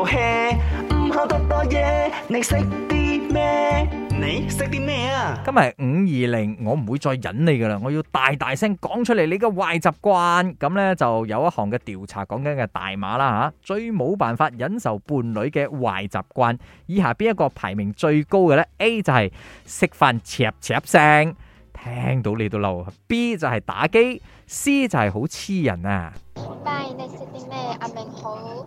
唔好得多嘢，你識啲咩？你識啲咩啊？今日五二零，我唔會再忍你噶啦，我要大大聲講出嚟，你嘅壞習慣。咁呢就有一項嘅調查，講緊嘅大馬啦吓，最冇辦法忍受伴侶嘅壞習慣，以下邊一個排名最高嘅呢，A 就係食飯吵吵聲，聽到你都嬲；B 就係打機；C 就係好黐人啊。喂，你食啲咩？阿明好。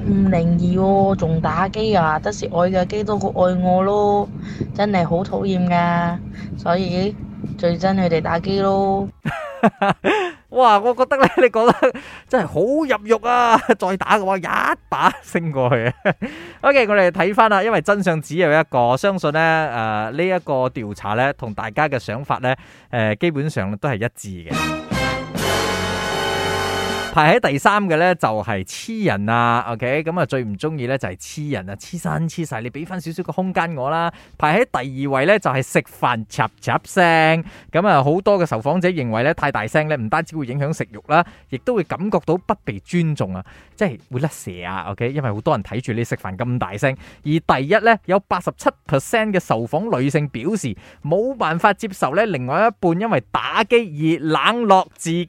唔靈異喎，仲、 哦、打機啊，得時愛嘅機都好愛我咯，真係好討厭噶，所以最憎佢哋打機咯。 哇，我覺得咧，你講得真係好入肉啊，再打嘅話一打升過去。啊 OK，我哋睇翻啦，因為真相只有一個，相信呢，誒呢一個調查呢，同大家嘅想法呢，誒、呃、基本上都係一致嘅。排喺第三嘅呢，就係黐人啊，OK，咁啊最唔中意呢，就係黐人啊，黐身黐晒，你俾翻少少嘅空間我啦。排喺第二位呢，就係食飯插插聲，咁啊好多嘅受訪者認為呢太大聲呢，唔單止會影響食欲啦，亦都會感覺到不被尊重啊，即係會甩蛇啊，OK，因為好多人睇住你食飯咁大聲。而第一呢，有八十七 percent 嘅受訪女性表示冇辦法接受呢另外一半因為打機而冷落自己。